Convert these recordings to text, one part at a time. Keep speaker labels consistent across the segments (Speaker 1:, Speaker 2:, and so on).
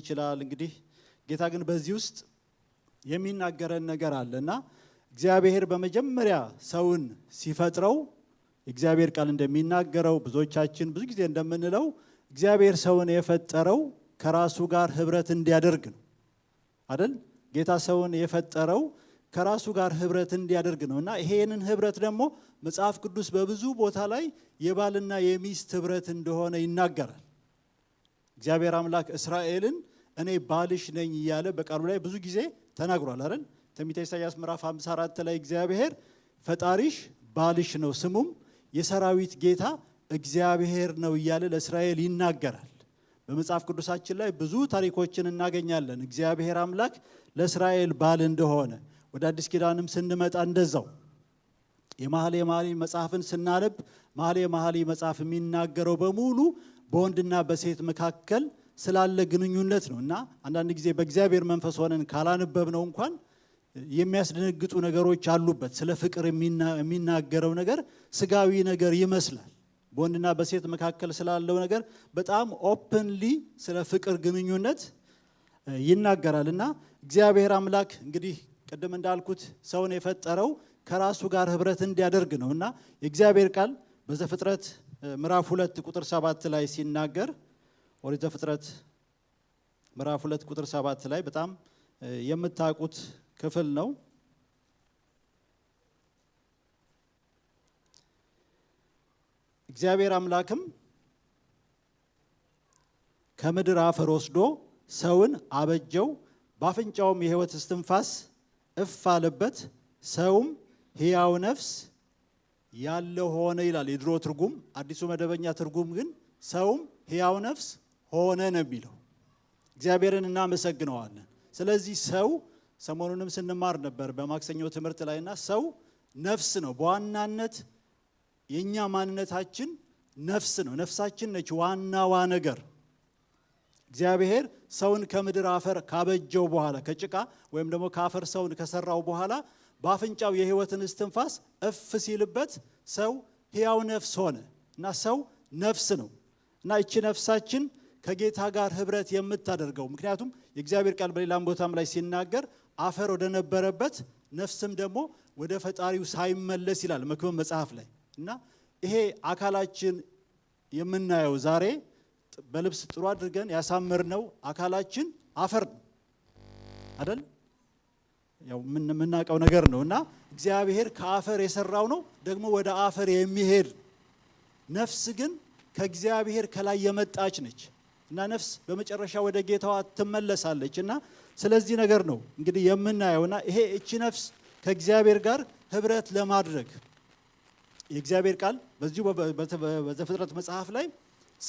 Speaker 1: ይችላል። እንግዲህ ጌታ ግን በዚህ ውስጥ የሚናገረን ነገር አለ እና እግዚአብሔር በመጀመሪያ ሰውን ሲፈጥረው እግዚአብሔር ቃል እንደሚናገረው ብዙዎቻችን ብዙ ጊዜ እንደምንለው እግዚአብሔር ሰውን የፈጠረው ከራሱ ጋር ህብረት እንዲያደርግ ነው አይደል? ጌታ ሰውን የፈጠረው ከራሱ ጋር ህብረት እንዲያደርግ ነው እና ይሄንን ህብረት ደግሞ መጽሐፍ ቅዱስ በብዙ ቦታ ላይ የባልና የሚስት ህብረት እንደሆነ ይናገራል። እግዚአብሔር አምላክ እስራኤልን እኔ ባልሽ ነኝ እያለ በቃሉ ላይ ብዙ ጊዜ ተናግሯል አይደል? ትንቢተ ኢሳያስ ምዕራፍ 54 ላይ እግዚአብሔር ፈጣሪሽ ባልሽ ነው ስሙም የሰራዊት ጌታ እግዚአብሔር ነው እያለ ለእስራኤል ይናገራል። በመጽሐፍ ቅዱሳችን ላይ ብዙ ታሪኮችን እናገኛለን። እግዚአብሔር አምላክ ለእስራኤል ባል እንደሆነ ወደ አዲስ ኪዳንም ስንመጣ እንደዛው የማህሌ ማህሌ መጽሐፍን ስናነብ ማህሌ ማህሌ መጽሐፍ የሚናገረው በሙሉ በወንድና በሴት መካከል ስላለ ግንኙነት ነው እና አንዳንድ ጊዜ በእግዚአብሔር መንፈስ ሆነን ካላነበብ ነው እንኳን የሚያስደነግጡ ነገሮች አሉበት። ስለ ፍቅር የሚናገረው ነገር ስጋዊ ነገር ይመስላል። በወንድና በሴት መካከል ስላለው ነገር በጣም ኦፕንሊ ስለ ፍቅር ግንኙነት ይናገራል እና እግዚአብሔር አምላክ እንግዲህ ቅድም እንዳልኩት ሰውን የፈጠረው ከራሱ ጋር ህብረት እንዲያደርግ ነው እና የእግዚአብሔር ቃል በዘፍጥረት ምዕራፍ ሁለት ቁጥር ሰባት ላይ ሲናገር ኦሪት ዘፍጥረት ምዕራፍ ሁለት ቁጥር ሰባት ላይ በጣም የምታውቁት ክፍል ነው። እግዚአብሔር አምላክም ከምድር አፈር ወስዶ ሰውን አበጀው፣ በአፍንጫውም የህይወት እስትንፋስ እፍ አለበት፣ ሰውም ህያው ነፍስ ያለ ሆነ ይላል የድሮ ትርጉም። አዲሱ መደበኛ ትርጉም ግን ሰውም ሕያው ነፍስ ሆነ ነው የሚለው። እግዚአብሔርን እናመሰግነዋለን። ስለዚህ ሰው ሰሞኑንም ስንማር ነበር በማክሰኞ ትምህርት ላይና ሰው ነፍስ ነው በዋናነት የእኛ ማንነታችን ነፍስ ነው። ነፍሳችን ነች ዋናዋ ነገር። እግዚአብሔር ሰውን ከምድር አፈር ካበጀው በኋላ ከጭቃ ወይም ደግሞ ከአፈር ሰውን ከሰራው በኋላ በአፍንጫው የህይወትን እስትንፋስ እፍ ሲልበት ሰው ህያው ነፍስ ሆነ እና ሰው ነፍስ ነው እና እቺ ነፍሳችን ከጌታ ጋር ህብረት የምታደርገው ምክንያቱም የእግዚአብሔር ቃል በሌላም ቦታም ላይ ሲናገር አፈር ወደነበረበት ነፍስም ደግሞ ወደ ፈጣሪው ሳይመለስ ይላል መክብብ መጽሐፍ ላይ እና ይሄ አካላችን የምናየው ዛሬ በልብስ ጥሩ አድርገን ያሳምር ነው አካላችን አፈር ነው አደል ያው የምናውቀው ነገር ነው እና እግዚአብሔር ከአፈር የሰራው ነው ደግሞ ወደ አፈር የሚሄድ ነፍስ ግን ከእግዚአብሔር ከላይ የመጣች ነች እና ነፍስ በመጨረሻ ወደ ጌታዋ ትመለሳለች እና ስለዚህ ነገር ነው እንግዲህ የምናየው እና ይሄ እቺ ነፍስ ከእግዚአብሔር ጋር ህብረት ለማድረግ የእግዚአብሔር ቃል በዚሁ በዘፍጥረት መጽሐፍ ላይ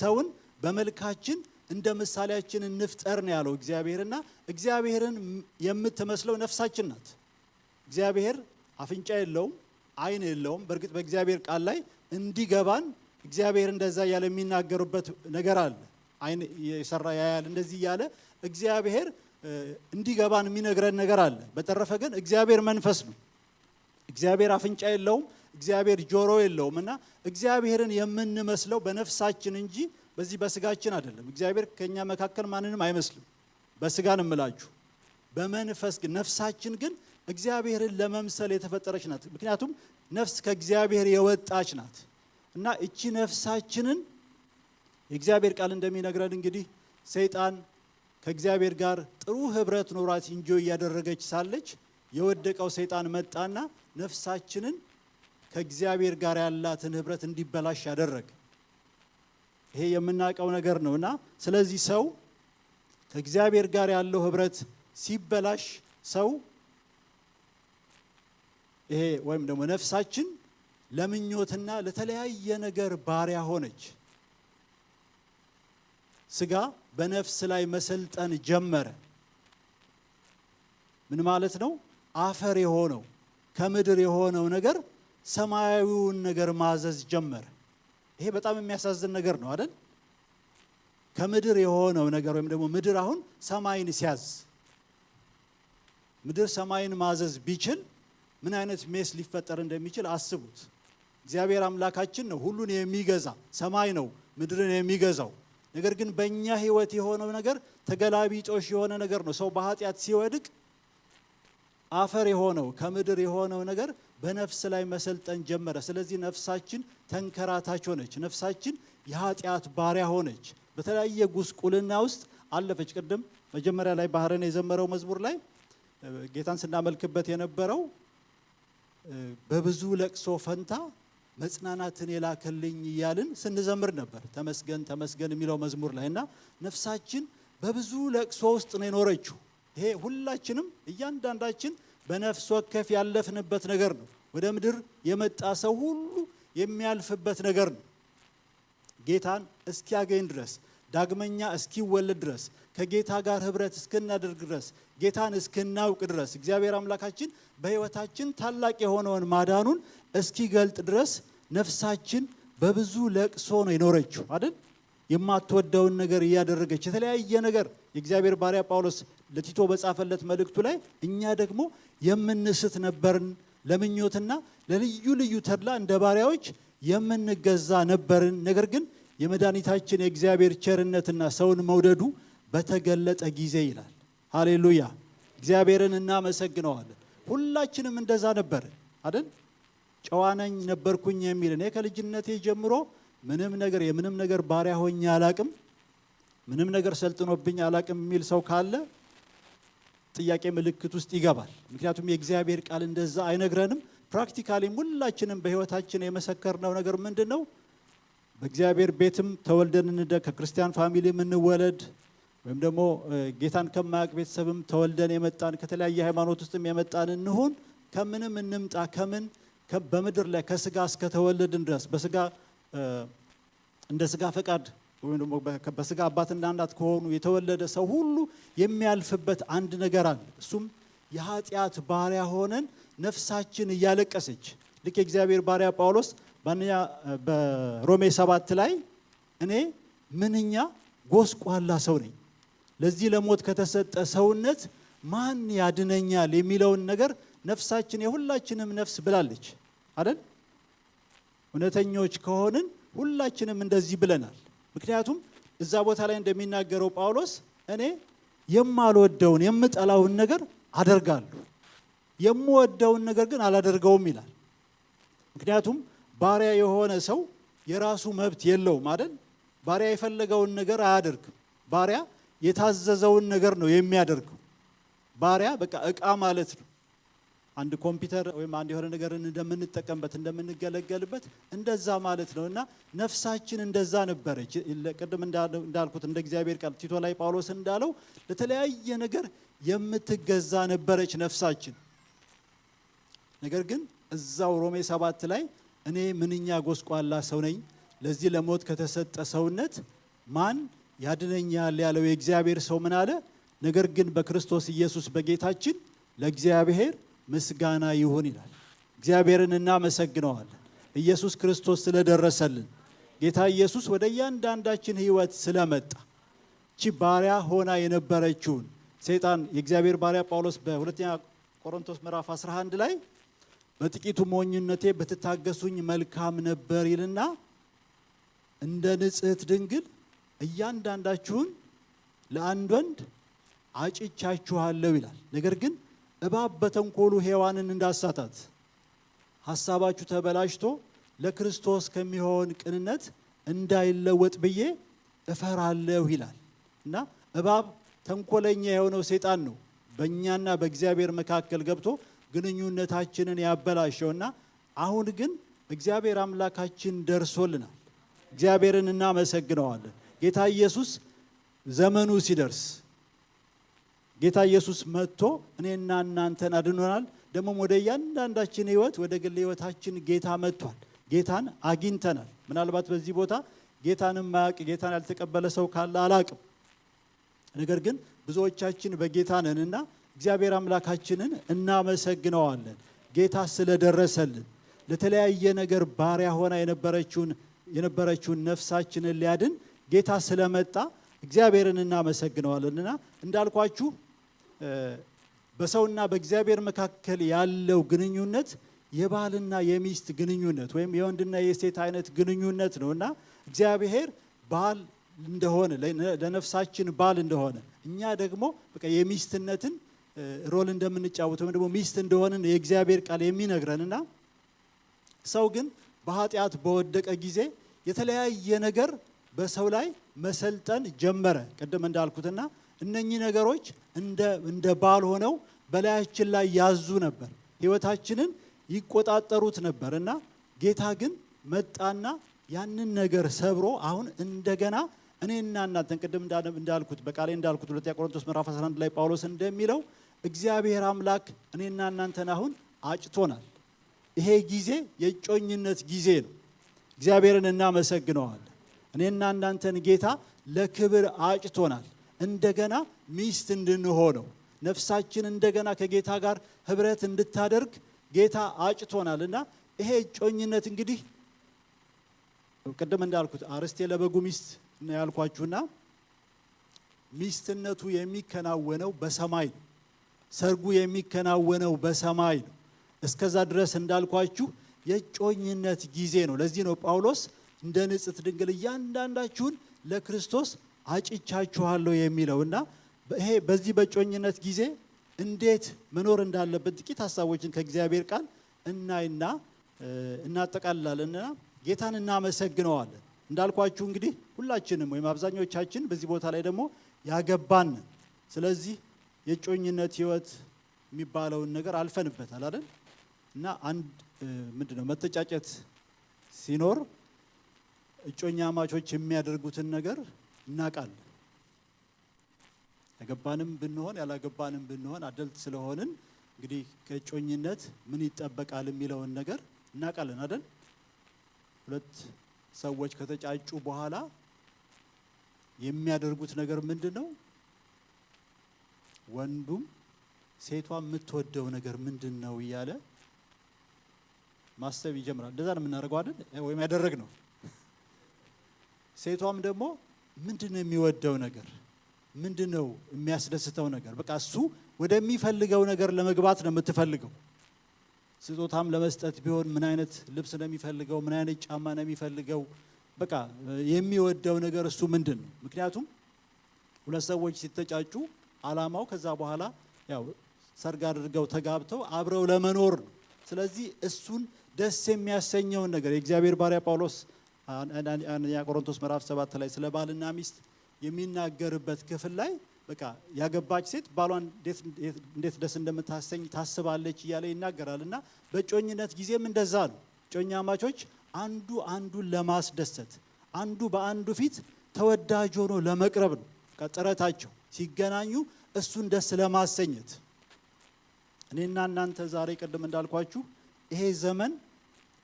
Speaker 1: ሰውን በመልካችን እንደ ምሳሌያችን እንፍጠር ነው ያለው እግዚአብሔርና እግዚአብሔርን የምትመስለው ነፍሳችን ናት። እግዚአብሔር አፍንጫ የለውም፣ አይን የለውም። በእርግጥ በእግዚአብሔር ቃል ላይ እንዲገባን እግዚአብሔር እንደዛ እያለ የሚናገሩበት ነገር አለ። አይን የሰራ ያያል፣ እንደዚህ እያለ እግዚአብሔር እንዲገባን የሚነግረን ነገር አለ። በተረፈ ግን እግዚአብሔር መንፈስ ነው። እግዚአብሔር አፍንጫ የለውም፣ እግዚአብሔር ጆሮ የለውም እና እግዚአብሔርን የምንመስለው በነፍሳችን እንጂ በዚህ በስጋችን አይደለም። እግዚአብሔር ከኛ መካከል ማንንም አይመስልም። በስጋ ነው እምላችሁ። በመንፈስ ግን ነፍሳችን ግን እግዚአብሔርን ለመምሰል የተፈጠረች ናት። ምክንያቱም ነፍስ ከእግዚአብሔር የወጣች ናት እና እቺ ነፍሳችንን የእግዚአብሔር ቃል እንደሚነግረን እንግዲህ ሰይጣን ከእግዚአብሔር ጋር ጥሩ ህብረት ኖሯት እንጆ እያደረገች ሳለች የወደቀው ሰይጣን መጣና ነፍሳችንን ከእግዚአብሔር ጋር ያላትን ህብረት እንዲበላሽ ያደረገ ይሄ የምናውቀው ነገር ነው እና ስለዚህ ሰው ከእግዚአብሔር ጋር ያለው ህብረት ሲበላሽ ሰው ይሄ ወይም ደግሞ ነፍሳችን ለምኞትና ለተለያየ ነገር ባሪያ ሆነች። ስጋ በነፍስ ላይ መሰልጠን ጀመረ። ምን ማለት ነው? አፈር የሆነው ከምድር የሆነው ነገር ሰማያዊውን ነገር ማዘዝ ጀመረ። ይሄ በጣም የሚያሳዝን ነገር ነው አይደል? ከምድር የሆነው ነገር ወይም ደግሞ ምድር አሁን ሰማይን ሲያዝ ምድር ሰማይን ማዘዝ ቢችል ምን አይነት ሜስ ሊፈጠር እንደሚችል አስቡት። እግዚአብሔር አምላካችን ነው ሁሉን የሚገዛ ሰማይ ነው ምድርን የሚገዛው። ነገር ግን በእኛ ህይወት የሆነው ነገር ተገላቢጦሽ የሆነ ነገር ነው። ሰው በኃጢአት ሲወድቅ አፈር የሆነው ከምድር የሆነው ነገር በነፍስ ላይ መሰልጠን ጀመረ። ስለዚህ ነፍሳችን ተንከራታች ሆነች። ነፍሳችን የኃጢአት ባሪያ ሆነች። በተለያየ ጉስቁልና ውስጥ አለፈች። ቅድም መጀመሪያ ላይ ባህረን የዘመረው መዝሙር ላይ ጌታን ስናመልክበት የነበረው በብዙ ለቅሶ ፈንታ መጽናናትን የላከልኝ እያልን ስንዘምር ነበር። ተመስገን ተመስገን የሚለው መዝሙር ላይ እና ነፍሳችን በብዙ ለቅሶ ውስጥ ነው የኖረችው። ይሄ ሁላችንም እያንዳንዳችን በነፍስ ወከፍ ያለፍንበት ነገር ነው። ወደ ምድር የመጣ ሰው ሁሉ የሚያልፍበት ነገር ነው። ጌታን እስኪያገኝ ድረስ ዳግመኛ እስኪወለድ ድረስ ከጌታ ጋር ህብረት እስክናደርግ ድረስ ጌታን እስክናውቅ ድረስ እግዚአብሔር አምላካችን በህይወታችን ታላቅ የሆነውን ማዳኑን እስኪገልጥ ድረስ ነፍሳችን በብዙ ለቅሶ ነው የኖረችው አይደል? የማትወደውን ነገር እያደረገች የተለያየ ነገር የእግዚአብሔር ባሪያ ጳውሎስ ለቲቶ በጻፈለት መልእክቱ ላይ እኛ ደግሞ የምንስት ነበርን፣ ለምኞትና ለልዩ ልዩ ተድላ እንደ ባሪያዎች የምንገዛ ነበርን። ነገር ግን የመድኃኒታችን የእግዚአብሔር ቸርነትና ሰውን መውደዱ በተገለጠ ጊዜ ይላል። ሃሌሉያ! እግዚአብሔርን እናመሰግነዋለን። ሁላችንም እንደዛ ነበርን አይደል? ጨዋነኝ ነበርኩኝ የሚል እኔ ከልጅነቴ ጀምሮ ምንም ነገር የምንም ነገር ባሪያ ሆኜ አላቅም፣ ምንም ነገር ሰልጥኖብኝ አላቅም የሚል ሰው ካለ ጥያቄ ምልክት ውስጥ ይገባል። ምክንያቱም የእግዚአብሔር ቃል እንደዛ አይነግረንም። ፕራክቲካሊም ሁላችንም በህይወታችን የመሰከርነው ነገር ምንድን ነው? በእግዚአብሔር ቤትም ተወልደን እንደግ፣ ከክርስቲያን ፋሚሊ እንወለድ ወይም ደግሞ ጌታን ከማያውቅ ቤተሰብም ተወልደን የመጣን ከተለያየ ሃይማኖት ውስጥም የመጣን እንሆን ከምንም እንምጣ ከምን በምድር ላይ ከስጋ እስከተወለድን ድረስ በስጋ እንደ ስጋ ፈቃድ ወይም ደግሞ በስጋ አባትና አንዳት ከሆኑ የተወለደ ሰው ሁሉ የሚያልፍበት አንድ ነገር አለ። እሱም የኃጢአት ባሪያ ሆነን ነፍሳችን እያለቀሰች ልክ የእግዚአብሔር ባሪያ ጳውሎስ በአንደኛ በሮሜ ሰባት ላይ እኔ ምንኛ ጎስቋላ ሰው ነኝ፣ ለዚህ ለሞት ከተሰጠ ሰውነት ማን ያድነኛል የሚለውን ነገር ነፍሳችን የሁላችንም ነፍስ ብላለች አይደል? እውነተኞች ከሆንን ሁላችንም እንደዚህ ብለናል። ምክንያቱም እዛ ቦታ ላይ እንደሚናገረው ጳውሎስ እኔ የማልወደውን የምጠላውን ነገር አደርጋለሁ፣ የምወደውን ነገር ግን አላደርገውም ይላል። ምክንያቱም ባሪያ የሆነ ሰው የራሱ መብት የለውም አይደል? ባሪያ የፈለገውን ነገር አያደርግም። ባሪያ የታዘዘውን ነገር ነው የሚያደርገው። ባሪያ በቃ እቃ ማለት ነው። አንድ ኮምፒውተር ወይም አንድ የሆነ ነገርን እንደምንጠቀምበት እንደምንገለገልበት እንደዛ ማለት ነው እና ነፍሳችን እንደዛ ነበረች። ቅድም እንዳልኩት እንደ እግዚአብሔር ቃል ቲቶ ላይ ጳውሎስ እንዳለው ለተለያየ ነገር የምትገዛ ነበረች ነፍሳችን። ነገር ግን እዛው ሮሜ ሰባት ላይ እኔ ምንኛ ጎስቋላ ሰው ነኝ፣ ለዚህ ለሞት ከተሰጠ ሰውነት ማን ያድነኛል ያለው የእግዚአብሔር ሰው ምን አለ? ነገር ግን በክርስቶስ ኢየሱስ በጌታችን ለእግዚአብሔር ምስጋና ይሁን ይላል። እግዚአብሔርን እናመሰግነዋለን ኢየሱስ ክርስቶስ ስለደረሰልን፣ ጌታ ኢየሱስ ወደ እያንዳንዳችን ሕይወት ስለመጣ እቺ ባሪያ ሆና የነበረችውን ሰይጣን የእግዚአብሔር ባሪያ ጳውሎስ በሁለተኛ ቆሮንቶስ ምዕራፍ 11 ላይ በጥቂቱ ሞኝነቴ ብትታገሱኝ መልካም ነበር ይልና እንደ ንጽሕት ድንግል እያንዳንዳችሁን ለአንድ ወንድ አጭቻችኋለሁ ይላል። ነገር ግን እባብ በተንኮሉ ሔዋንን እንዳሳታት ሀሳባችሁ ተበላሽቶ ለክርስቶስ ከሚሆን ቅንነት እንዳይለወጥ ብዬ እፈራለሁ ይላል እና እባብ ተንኮለኛ የሆነው ሰይጣን ነው በእኛና በእግዚአብሔር መካከል ገብቶ ግንኙነታችንን ያበላሸውና አሁን ግን እግዚአብሔር አምላካችን ደርሶልናል። እግዚአብሔርን እናመሰግነዋለን። ጌታ ኢየሱስ ዘመኑ ሲደርስ ጌታ ኢየሱስ መጥቶ እኔና እናንተን አድኖናል። ደግሞም ወደ እያንዳንዳችን ህይወት ወደ ግል ህይወታችን ጌታ መጥቷል። ጌታን አግኝተናል። ምናልባት በዚህ ቦታ ጌታንም ማያውቅ ጌታን ያልተቀበለ ሰው ካለ አላቅም። ነገር ግን ብዙዎቻችን በጌታ ነንና እግዚአብሔር አምላካችንን እናመሰግነዋለን። ጌታ ስለደረሰልን ለተለያየ ነገር ባሪያ ሆና የነበረችውን የነበረችውን ነፍሳችንን ሊያድን ጌታ ስለመጣ እግዚአብሔርን እናመሰግነዋለንና እንዳልኳችሁ በሰውና በእግዚአብሔር መካከል ያለው ግንኙነት የባልና የሚስት ግንኙነት ወይም የወንድና የሴት አይነት ግንኙነት ነው እና እግዚአብሔር ባል እንደሆነ ለነፍሳችን ባል እንደሆነ እኛ ደግሞ በቃ የሚስትነትን ሮል እንደምንጫወት ወይም ደግሞ ሚስት እንደሆንን የእግዚአብሔር ቃል የሚነግረን እና ሰው ግን በኃጢአት በወደቀ ጊዜ የተለያየ ነገር በሰው ላይ መሰልጠን ጀመረ ቅድም እንዳልኩትና እነኚህ ነገሮች እንደ ባል ሆነው በላያችን ላይ ያዙ ነበር፣ ህይወታችንን ይቆጣጠሩት ነበር እና ጌታ ግን መጣና ያንን ነገር ሰብሮ አሁን እንደገና እኔና እናንተን ቅድም እንዳልኩት በቃሌ እንዳልኩት ሁለተኛ ቆሮንቶስ ምዕራፍ 11 ላይ ጳውሎስ እንደሚለው እግዚአብሔር አምላክ እኔና እናንተን አሁን አጭቶናል። ይሄ ጊዜ የእጮኝነት ጊዜ ነው። እግዚአብሔርን እናመሰግነዋለን። እኔና እናንተን ጌታ ለክብር አጭቶናል። እንደገና ሚስት እንድንሆነው ነፍሳችን እንደገና ከጌታ ጋር ህብረት እንድታደርግ ጌታ አጭቶናል እና ይሄ እጮኝነት እንግዲህ ቅድም እንዳልኩት አርስቴ ለበጉ ሚስት ነው ያልኳችሁና ሚስትነቱ የሚከናወነው በሰማይ ነው። ሰርጉ የሚከናወነው በሰማይ ነው። እስከዛ ድረስ እንዳልኳችሁ የጮኝነት ጊዜ ነው። ለዚህ ነው ጳውሎስ እንደ ንጽት ድንግል እያንዳንዳችሁን ለክርስቶስ አጭቻችኋለሁ የሚለው እና ይሄ በዚህ በጮኝነት ጊዜ እንዴት መኖር እንዳለብን ጥቂት ሀሳቦችን ከእግዚአብሔር ቃል እናይና እናጠቃልላለንና ጌታን እናመሰግነዋለን። እንዳልኳችሁ እንግዲህ ሁላችንም ወይም አብዛኞቻችን በዚህ ቦታ ላይ ደግሞ ያገባን። ስለዚህ የጮኝነት ህይወት የሚባለውን ነገር አልፈንበታል አይደል? እና አንድ ምንድነው መተጫጨት ሲኖር እጮኛ ማቾች የሚያደርጉትን ነገር እናቃለን ያገባንም ብንሆን ያላገባንም ብንሆን አደልት ስለሆንን እንግዲህ ከእጮኝነት ምን ይጠበቃል የሚለውን ነገር እናውቃለን አደል። ሁለት ሰዎች ከተጫጩ በኋላ የሚያደርጉት ነገር ምንድን ነው? ወንዱም ሴቷ የምትወደው ነገር ምንድን ነው እያለ ማሰብ ይጀምራል። እንደዛ ነው የምናደርገው አይደል? ወይም ያደረግ ነው። ሴቷም ደግሞ ምንድን ነው የሚወደው ነገር ምንድን ነው የሚያስደስተው ነገር? በቃ እሱ ወደሚፈልገው ነገር ለመግባት ነው የምትፈልገው። ስጦታም ለመስጠት ቢሆን ምን አይነት ልብስ ነው የሚፈልገው? ምን አይነት ጫማ ነው የሚፈልገው? በቃ የሚወደው ነገር እሱ ምንድን ነው? ምክንያቱም ሁለት ሰዎች ሲተጫጩ አላማው ከዛ በኋላ ያው ሰርግ አድርገው ተጋብተው አብረው ለመኖር ነው። ስለዚህ እሱን ደስ የሚያሰኘውን ነገር የእግዚአብሔር ባሪያ ጳውሎስ አንደኛ ቆሮንቶስ ምዕራፍ ሰባት ላይ ስለ ባልና ሚስት የሚናገርበት ክፍል ላይ በቃ ያገባች ሴት ባሏን እንዴት ደስ እንደምታሰኝ ታስባለች እያለ ይናገራል። እና በጮኝነት ጊዜም እንደዛ ነው። ጮኛማቾች አንዱ አንዱን ለማስደሰት አንዱ በአንዱ ፊት ተወዳጅ ሆኖ ለመቅረብ ነው ጥረታቸው። ሲገናኙ እሱን ደስ ለማሰኘት እኔና እናንተ ዛሬ ቅድም እንዳልኳችሁ ይሄ ዘመን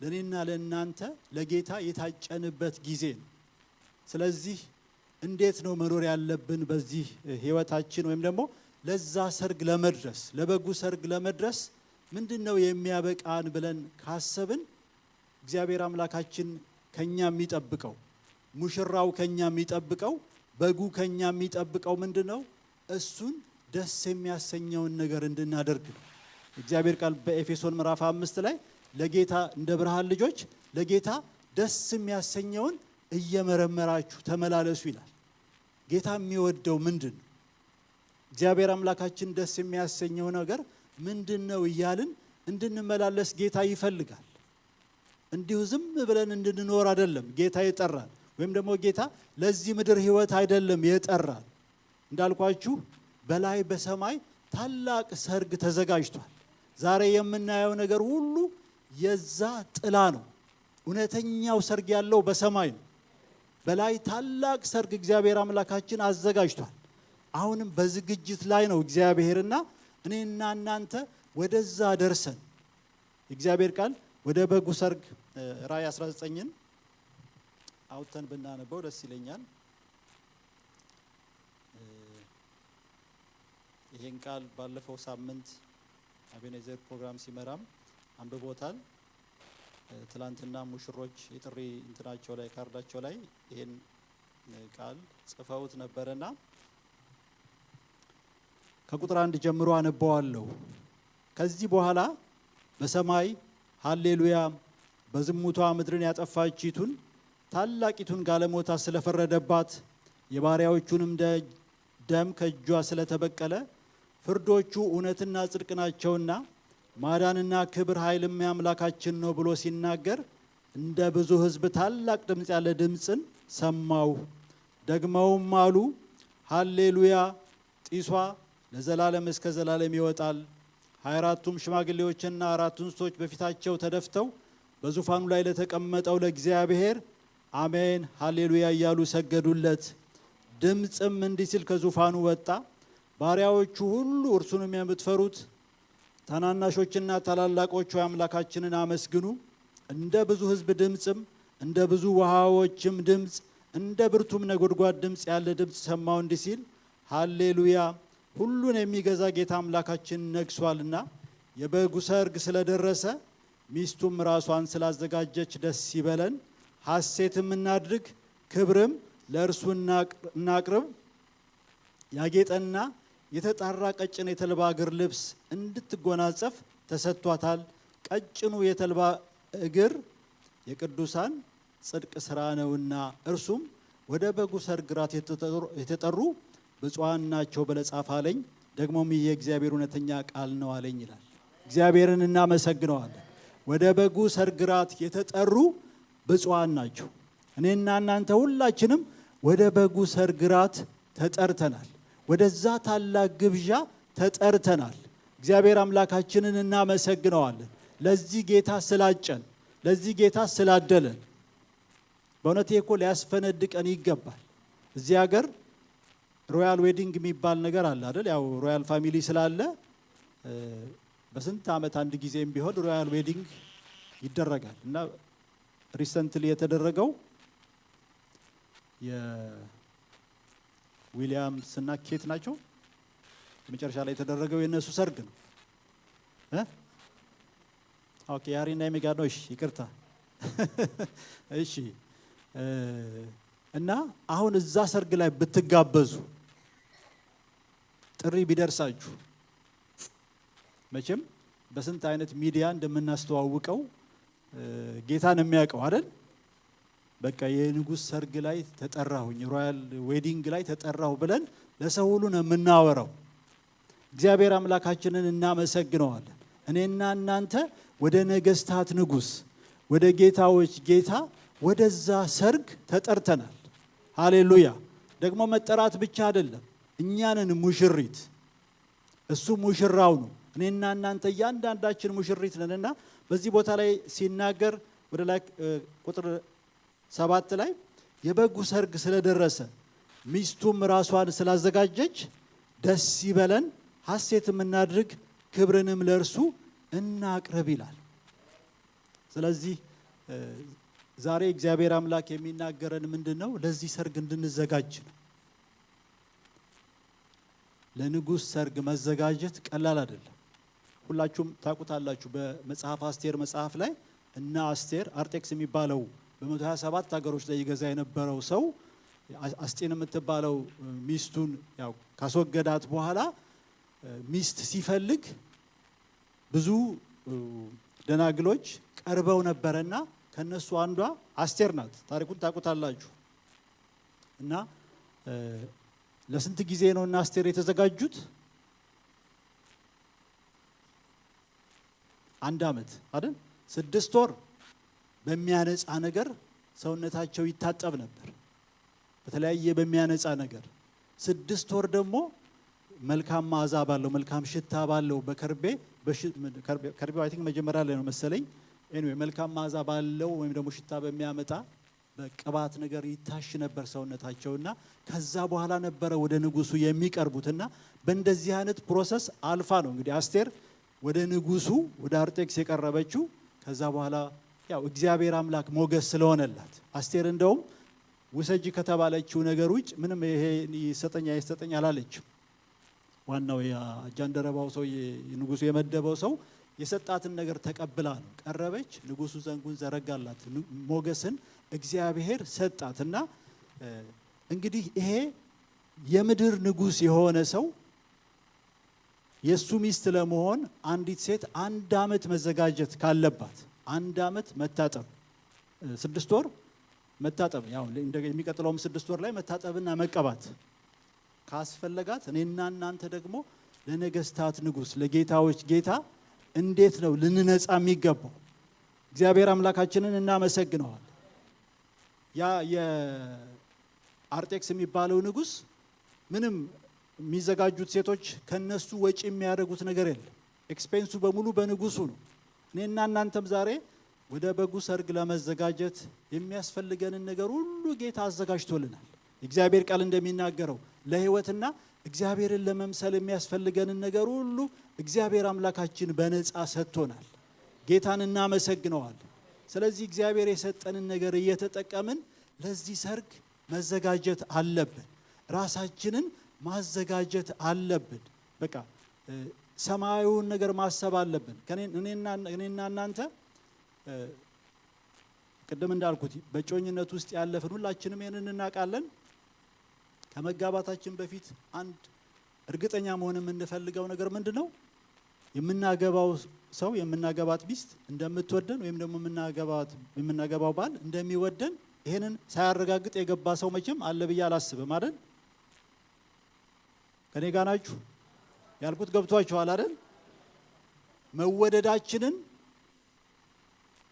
Speaker 1: ለእኔና ለእናንተ ለጌታ የታጨንበት ጊዜ ነው። ስለዚህ እንዴት ነው መኖር ያለብን በዚህ ህይወታችን ወይም ደግሞ ለዛ ሰርግ ለመድረስ ለበጉ ሰርግ ለመድረስ ምንድን ነው የሚያበቃን ብለን ካሰብን እግዚአብሔር አምላካችን ከኛ የሚጠብቀው ሙሽራው ከኛ የሚጠብቀው በጉ ከኛ የሚጠብቀው ምንድን ነው? እሱን ደስ የሚያሰኘውን ነገር እንድናደርግ ነው። እግዚአብሔር ቃል በኤፌሶን ምዕራፍ አምስት ላይ ለጌታ እንደ ብርሃን ልጆች ለጌታ ደስ የሚያሰኘውን እየመረመራችሁ ተመላለሱ ይላል። ጌታ የሚወደው ምንድን ነው? እግዚአብሔር አምላካችን ደስ የሚያሰኘው ነገር ምንድን ነው እያልን እንድንመላለስ ጌታ ይፈልጋል። እንዲሁ ዝም ብለን እንድንኖር አይደለም ጌታ የጠራን፣ ወይም ደግሞ ጌታ ለዚህ ምድር ሕይወት አይደለም የጠራን። እንዳልኳችሁ በላይ በሰማይ ታላቅ ሰርግ ተዘጋጅቷል። ዛሬ የምናየው ነገር ሁሉ የዛ ጥላ ነው። እውነተኛው ሰርግ ያለው በሰማይ ነው። በላይ ታላቅ ሰርግ እግዚአብሔር አምላካችን አዘጋጅቷል። አሁንም በዝግጅት ላይ ነው እግዚአብሔርና እኔና እናንተ ወደዛ ደርሰን እግዚአብሔር ቃል ወደ በጉ ሰርግ ራእይ 19ን አውጥተን ብናነበው ደስ ይለኛል። ይህን ቃል ባለፈው ሳምንት አቤኔዘር ፕሮግራም ሲመራም አንብቦታል። ትላንትና ሙሽሮች የጥሪ እንትናቸው ላይ ካርዳቸው ላይ ይህን ቃል ጽፈውት ነበረና ከቁጥር አንድ ጀምሮ አነበዋለሁ። ከዚህ በኋላ በሰማይ ሀሌሉያ፣ በዝሙቷ ምድርን ያጠፋችቱን ታላቂቱን ጋለሞታ ስለፈረደባት የባሪያዎቹንም ደም ከእጇ ስለተበቀለ ፍርዶቹ እውነትና ጽድቅ ናቸውና ማዳንና ክብር ኃይልም ያምላካችን ነው ብሎ ሲናገር እንደ ብዙ ሕዝብ ታላቅ ድምፅ ያለ ድምፅን ሰማው! ደግመውም አሉ ሃሌሉያ፣ ጢሷ ለዘላለም እስከ ዘላለም ይወጣል። ሃያ አራቱም ሽማግሌዎችና አራቱ እንስቶች በፊታቸው ተደፍተው በዙፋኑ ላይ ለተቀመጠው ለእግዚአብሔር አሜን ሃሌሉያ እያሉ ሰገዱለት። ድምፅም እንዲህ ሲል ከዙፋኑ ወጣ፣ ባሪያዎቹ ሁሉ እርሱንም የምትፈሩት ታናናሾችና ታላላቆቹ አምላካችንን አመስግኑ። እንደ ብዙ ሕዝብ ድምፅም እንደ ብዙ ውሃዎችም ድምፅ እንደ ብርቱም ነጎድጓድ ድምፅ ያለ ድምፅ ሰማው እንዲህ ሲል ሃሌሉያ፣ ሁሉን የሚገዛ ጌታ አምላካችን ነግሷልና፣ የበጉ ሰርግ ስለደረሰ ሚስቱም ራሷን ስላዘጋጀች ደስ ይበለን፣ ሐሴትም እናድርግ፣ ክብርም ለእርሱ እናቅርብ። ያጌጠና የተጣራ ቀጭን የተልባ እግር ልብስ እንድትጎናጸፍ ተሰጥቷታል። ቀጭኑ የተልባ እግር የቅዱሳን ጽድቅ ስራ ነውና እርሱም ወደ በጉ ሰርግ ራት የተጠሩ ብፁዓን ናቸው በለጻፍ አለኝ። ደግሞም የእግዚአብሔር እውነተኛ ቃል ነው አለኝ ይላል። እግዚአብሔርን እናመሰግነዋለን። ወደ በጉ ሰርግ ራት የተጠሩ ብፁዓን ናቸው። እኔና እናንተ ሁላችንም ወደ በጉ ሰርግ ራት ተጠርተናል። ወደዛ ታላቅ ግብዣ ተጠርተናል። እግዚአብሔር አምላካችንን እናመሰግነዋለን። ለዚህ ጌታ ስላጨን፣ ለዚህ ጌታ ስላደለን። በእውነት እኮ ሊያስፈነድቀን ይገባል። እዚህ ሀገር ሮያል ዌዲንግ የሚባል ነገር አለ አይደል? ያው ሮያል ፋሚሊ ስላለ በስንት ዓመት አንድ ጊዜም ቢሆን ሮያል ዌዲንግ ይደረጋል እና ሪሰንትሊ የተደረገው ዊሊያምስ እና ኬት ናቸው። መጨረሻ ላይ የተደረገው የእነሱ ሰርግ ነው። ኦኬ እና የሚጋ ነው። ይቅርታ። እሺ እና አሁን እዛ ሰርግ ላይ ብትጋበዙ ጥሪ ቢደርሳችሁ መቼም በስንት አይነት ሚዲያ እንደምናስተዋውቀው ጌታን የሚያውቀው አይደል በቃ የንጉሥ ሰርግ ላይ ተጠራሁኝ፣ ሮያል ዌዲንግ ላይ ተጠራሁ ብለን ለሰው ሁሉ ነው የምናወራው። እግዚአብሔር አምላካችንን እናመሰግነዋለን። እኔና እናንተ ወደ ነገስታት ንጉስ ወደ ጌታዎች ጌታ፣ ወደዛ ሰርግ ተጠርተናል። ሃሌሉያ! ደግሞ መጠራት ብቻ አይደለም፣ እኛንን ሙሽሪት፣ እሱ ሙሽራው ነው። እኔና እናንተ እያንዳንዳችን ሙሽሪት ነንና በዚህ ቦታ ላይ ሲናገር ወደ ላይ ቁጥር ሰባት ላይ የበጉ ሰርግ ስለደረሰ ሚስቱም ራሷን ስላዘጋጀች ደስ ይበለን፣ ሀሴት እናድርግ፣ ክብርንም ለእርሱ እናቅርብ ይላል። ስለዚህ ዛሬ እግዚአብሔር አምላክ የሚናገረን ምንድን ነው? ለዚህ ሰርግ እንድንዘጋጅ ነው። ለንጉሥ ሰርግ መዘጋጀት ቀላል አይደለም። ሁላችሁም ታቁታላችሁ በመጽሐፍ አስቴር መጽሐፍ ላይ እና አስቴር አርጤክስ የሚባለው በ ሰባት ሀገሮች ላይ ይገዛ የነበረው ሰው አስጤን የምትባለው ሚስቱን ያው ካስወገዳት በኋላ ሚስት ሲፈልግ ብዙ ደናግሎች ቀርበው ነበረና ከነሱ አንዷ አስቴር ናት። ታሪኩን ታቁታላችሁ። እና ለስንት ጊዜ ነው እና አስቴር የተዘጋጁት? አንድ አመት አይደል? ስድስት ወር በሚያነጻ ነገር ሰውነታቸው ይታጠብ ነበር፣ በተለያየ በሚያነጻ ነገር። ስድስት ወር ደግሞ መልካም መዓዛ ባለው መልካም ሽታ ባለው በከርቤ አይ ቲንክ መጀመሪያ ላይ ነው መሰለኝ ኤኒዌይ መልካም መዓዛ ባለው ወይም ደግሞ ሽታ በሚያመጣ በቅባት ነገር ይታሽ ነበር ሰውነታቸውና ከዛ በኋላ ነበረ ወደ ንጉሱ የሚቀርቡትና በእንደዚህ አይነት ፕሮሰስ አልፋ ነው እንግዲህ አስቴር ወደ ንጉሱ ወደ አርጤክስ የቀረበችው ከዛ በኋላ ያው እግዚአብሔር አምላክ ሞገስ ስለሆነላት አስቴር እንደውም ውሰጂ ከተባለችው ነገር ውጭ ምንም ይሄ ይሰጠኛ ይሰጠኛ አላለችም። ዋናው ጃንደረባው ሰው ንጉሱ የመደበው ሰው የሰጣትን ነገር ተቀብላ ነው ቀረበች። ንጉሱ ዘንጉን ዘረጋላት፣ ሞገስን እግዚአብሔር ሰጣት። እና እንግዲህ ይሄ የምድር ንጉስ የሆነ ሰው የእሱ ሚስት ለመሆን አንዲት ሴት አንድ አመት መዘጋጀት ካለባት አንድ አመት መታጠብ፣ ስድስት ወር መታጠብ፣ ያው የሚቀጥለውም ስድስት ወር ላይ መታጠብና መቀባት ካስፈለጋት እኔና እናንተ ደግሞ ለነገስታት ንጉስ ለጌታዎች ጌታ እንዴት ነው ልንነጻ የሚገባው? እግዚአብሔር አምላካችንን እናመሰግነዋል። ያ የአርጤክስ የሚባለው ንጉስ ምንም የሚዘጋጁት ሴቶች ከነሱ ወጪ የሚያደርጉት ነገር የለም። ኤክስፔንሱ በሙሉ በንጉሱ ነው። እኔና እናንተም ዛሬ ወደ በጉ ሰርግ ለመዘጋጀት የሚያስፈልገንን ነገር ሁሉ ጌታ አዘጋጅቶልናል። እግዚአብሔር ቃል እንደሚናገረው ለህይወትና እግዚአብሔርን ለመምሰል የሚያስፈልገንን ነገር ሁሉ እግዚአብሔር አምላካችን በነፃ ሰጥቶናል። ጌታን እናመሰግነዋል። ስለዚህ እግዚአብሔር የሰጠንን ነገር እየተጠቀምን ለዚህ ሰርግ መዘጋጀት አለብን። ራሳችንን ማዘጋጀት አለብን። በቃ ሰማያዊውን ነገር ማሰብ አለብን። እኔና እናንተ ቅድም እንዳልኩት በጮኝነት ውስጥ ያለፍን ሁላችንም ይህንን እናውቃለን። ከመጋባታችን በፊት አንድ እርግጠኛ መሆን የምንፈልገው ነገር ምንድ ነው? የምናገባው ሰው የምናገባት ሚስት እንደምትወደን ወይም ደግሞ የምናገባው ባል እንደሚወደን ይህንን ሳያረጋግጥ የገባ ሰው መቼም አለ አላስብም አይደል? ከኔ ጋናችሁ ናችሁ? ያልኩት ገብቷችኋል አይደል? መወደዳችንን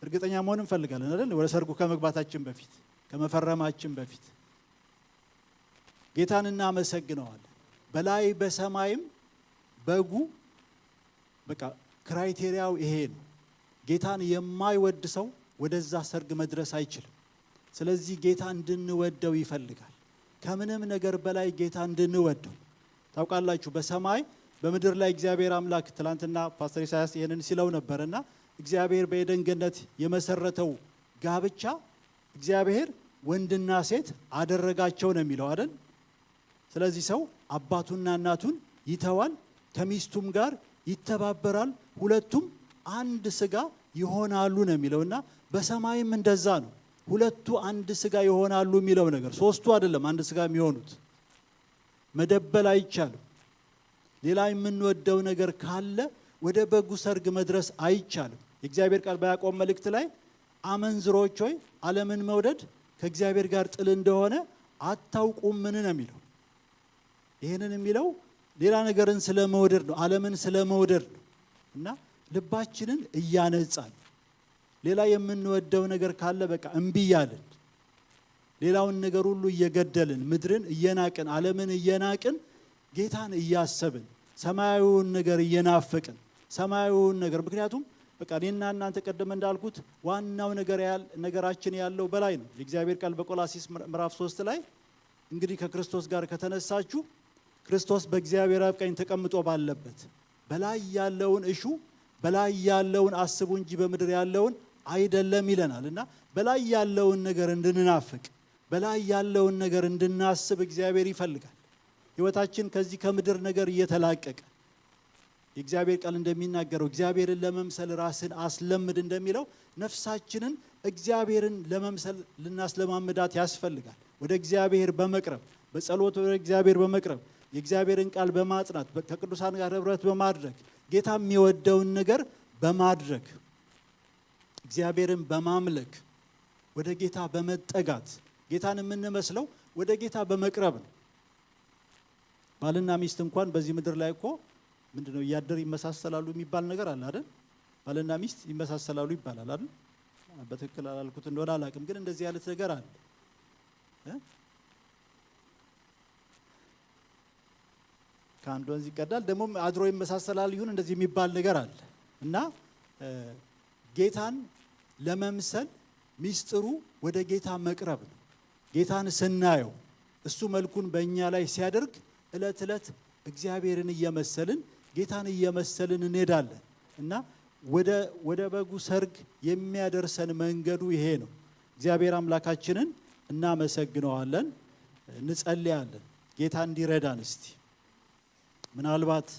Speaker 1: እርግጠኛ መሆን እንፈልጋለን አይደል? ወደ ሰርጉ ከመግባታችን በፊት ከመፈረማችን በፊት ጌታን እናመሰግነዋለን። በላይ በሰማይም በጉ በቃ ክራይቴሪያው ይሄ ነው። ጌታን የማይወድ ሰው ወደዛ ሰርግ መድረስ አይችልም። ስለዚህ ጌታ እንድንወደው ይፈልጋል። ከምንም ነገር በላይ ጌታ እንድንወደው ታውቃላችሁ በሰማይ በምድር ላይ እግዚአብሔር አምላክ ትላንትና ፓስተር ኢሳያስ ይህንን ሲለው ነበር እግዚአብሔር በኤደን ገነት የመሰረተው ጋብቻ እግዚአብሔር ወንድና ሴት አደረጋቸው ነው የሚለው አይደል? ስለዚህ ሰው አባቱና እናቱን ይተዋል፣ ከሚስቱም ጋር ይተባበራል፣ ሁለቱም አንድ ስጋ ይሆናሉ ነው የሚለው እና በሰማይም እንደዛ ነው። ሁለቱ አንድ ስጋ ይሆናሉ የሚለው ነገር ሶስቱ አይደለም አንድ ስጋ የሚሆኑት መደበል አይቻልም። ሌላ የምንወደው ነገር ካለ ወደ በጉ ሰርግ መድረስ አይቻልም። የእግዚአብሔር ቃል በያዕቆብ መልእክት ላይ አመንዝሮች ሆይ ዓለምን መውደድ ከእግዚአብሔር ጋር ጥል እንደሆነ አታውቁም ነው የሚለው። ይህንን የሚለው ሌላ ነገርን ስለመውደድ ነው፣ ዓለምን ስለመውደድ ነው እና ልባችንን እያነጻል። ሌላ የምንወደው ነገር ካለ በቃ እምቢ እያልን ሌላውን ነገር ሁሉ እየገደልን ምድርን እየናቅን ዓለምን እየናቅን ጌታን እያሰብን ሰማያዊውን ነገር እየናፈቅን ሰማያዊውን ነገር ምክንያቱም በቃ እኔና እናንተ ቀደም እንዳልኩት ዋናው ነገራችን ያለው በላይ ነው። የእግዚአብሔር ቃል በቆላሲስ ምዕራፍ ሶስት ላይ እንግዲህ ከክርስቶስ ጋር ከተነሳችሁ ክርስቶስ በእግዚአብሔር አብ ቀኝ ተቀምጦ ባለበት በላይ ያለውን እሹ በላይ ያለውን አስቡ እንጂ በምድር ያለውን አይደለም ይለናል እና በላይ ያለውን ነገር እንድንናፍቅ በላይ ያለውን ነገር እንድናስብ እግዚአብሔር ይፈልጋል። ህይወታችን ከዚህ ከምድር ነገር እየተላቀቀ የእግዚአብሔር ቃል እንደሚናገረው እግዚአብሔርን ለመምሰል ራስን አስለምድ እንደሚለው ነፍሳችንን እግዚአብሔርን ለመምሰል ልናስለማምዳት ያስፈልጋል። ወደ እግዚአብሔር በመቅረብ በጸሎት ወደ እግዚአብሔር በመቅረብ የእግዚአብሔርን ቃል በማጥናት ከቅዱሳን ጋር ህብረት በማድረግ ጌታ የሚወደውን ነገር በማድረግ እግዚአብሔርን በማምለክ ወደ ጌታ በመጠጋት ጌታን የምንመስለው ወደ ጌታ በመቅረብ ነው። ባልና ሚስት እንኳን በዚህ ምድር ላይ እኮ ምንድነው እያደር ይመሳሰላሉ የሚባል ነገር አለ አይደል? ባልና ሚስት ይመሳሰላሉ ይባላል አይደል? በትክክል አላልኩት እንደሆነ አላቅም ግን እንደዚህ አይነት ነገር አለ። ከአንድ ወንዝ ይቀዳል ደግሞ አድሮ ይመሳሰላል ይሁን እንደዚህ የሚባል ነገር አለ እና ጌታን ለመምሰል ሚስጥሩ ወደ ጌታ መቅረብ ነው። ጌታን ስናየው እሱ መልኩን በእኛ ላይ ሲያደርግ እለት እለት እግዚአብሔርን እየመሰልን ጌታን እየመሰልን እንሄዳለን እና ወደ በጉ ሰርግ የሚያደርሰን መንገዱ ይሄ ነው። እግዚአብሔር አምላካችንን እናመሰግነዋለን፣ እንጸልያለን። ጌታ እንዲረዳን እስቲ ምናልባት